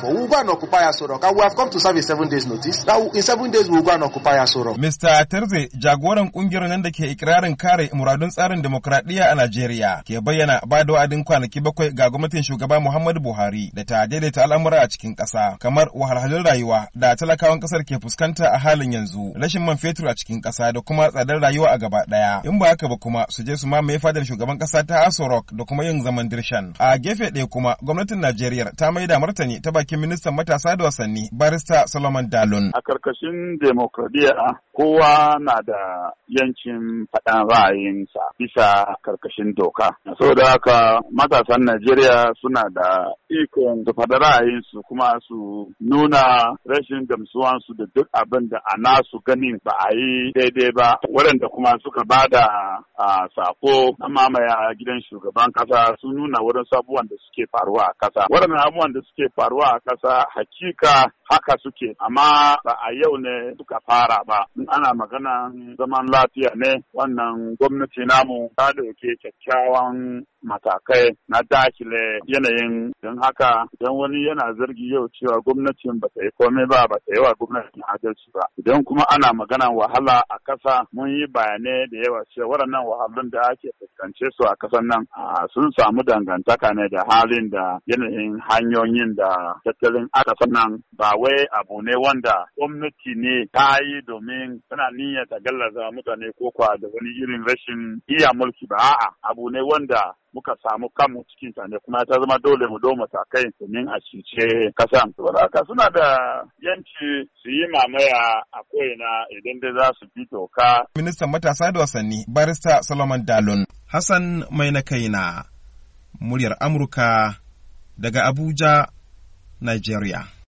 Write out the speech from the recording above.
For we'll go and occupy Asorok. And we have come to serve a seven days notice. Now in seven days we'll go and occupy Asorok. Mr. Terze, jagoran kungiyar nan da ke ikirarin kare muradun tsarin demokradiyya a Najeriya, ke bayyana ba da wa'adin kwanaki bakwai ga gwamnatin shugaba Muhammadu Buhari da ta daidaita al'amura a cikin ƙasa, kamar wahalhalun rayuwa da talakawan ƙasar ke fuskanta a halin yanzu, rashin man fetur a cikin ƙasa da kuma tsadar rayuwa a gaba ɗaya. In ba haka ba kuma su je su mamaye fadar shugaban ƙasa ta Asorok da kuma yin zaman dirshan. A gefe ɗaya kuma gwamnatin Najeriya ta maida martani ta baki mataimakin ministan matasa da wasanni barista Solomon Dalun. A karkashin demokradiyya kowa na da yancin faɗan ra'ayinsa bisa karkashin doka. Saboda haka matasan Najeriya suna da ikon da fada ra'ayinsu kuma su nuna rashin gamsuwansu da duk abin da a nasu ganin ba a yi daidai ba waɗanda kuma suka ba da sako na mamaya gidan shugaban ƙasa sun nuna wurin sabuwan da suke faruwa a kasa. Waɗannan abubuwan da suke faruwa a ƙasa hakika haka suke amma ba a yau ne suka fara ba. In ana magana zaman lafiya ne wannan gwamnati na mu ta dauke kyakkyawan matakai na dakile yanayin don haka don wani yana zargi yau cewa gwamnatin ba ta yi komai ba ba ta yi wa gwamnatin adalci ba idan kuma ana magana wahala a kasa mun yi bayanai da yawa cewa waɗannan wahalun da ake fuskance su a kasan nan sun samu dangantaka ne da halin da yanayin hanyoyin da tattalin kasan nan ba wai abu ne wanda gwamnati ne ta yi domin tana niyyar ta gallaza mutane ko kwa da wani irin rashin iya iya mulki ba a'a abu ne wanda muka samu kanmu cikin ta ne kuma ta zama dole mu dau kai domin a cice kasan haka suna da yanci su yi mamaya a ko'ina idan dai za su bi doka. Ministan matasa da wasanni barista Solomon dalon Hassan mai na kaina muryar Amurka daga Abuja, Nigeria.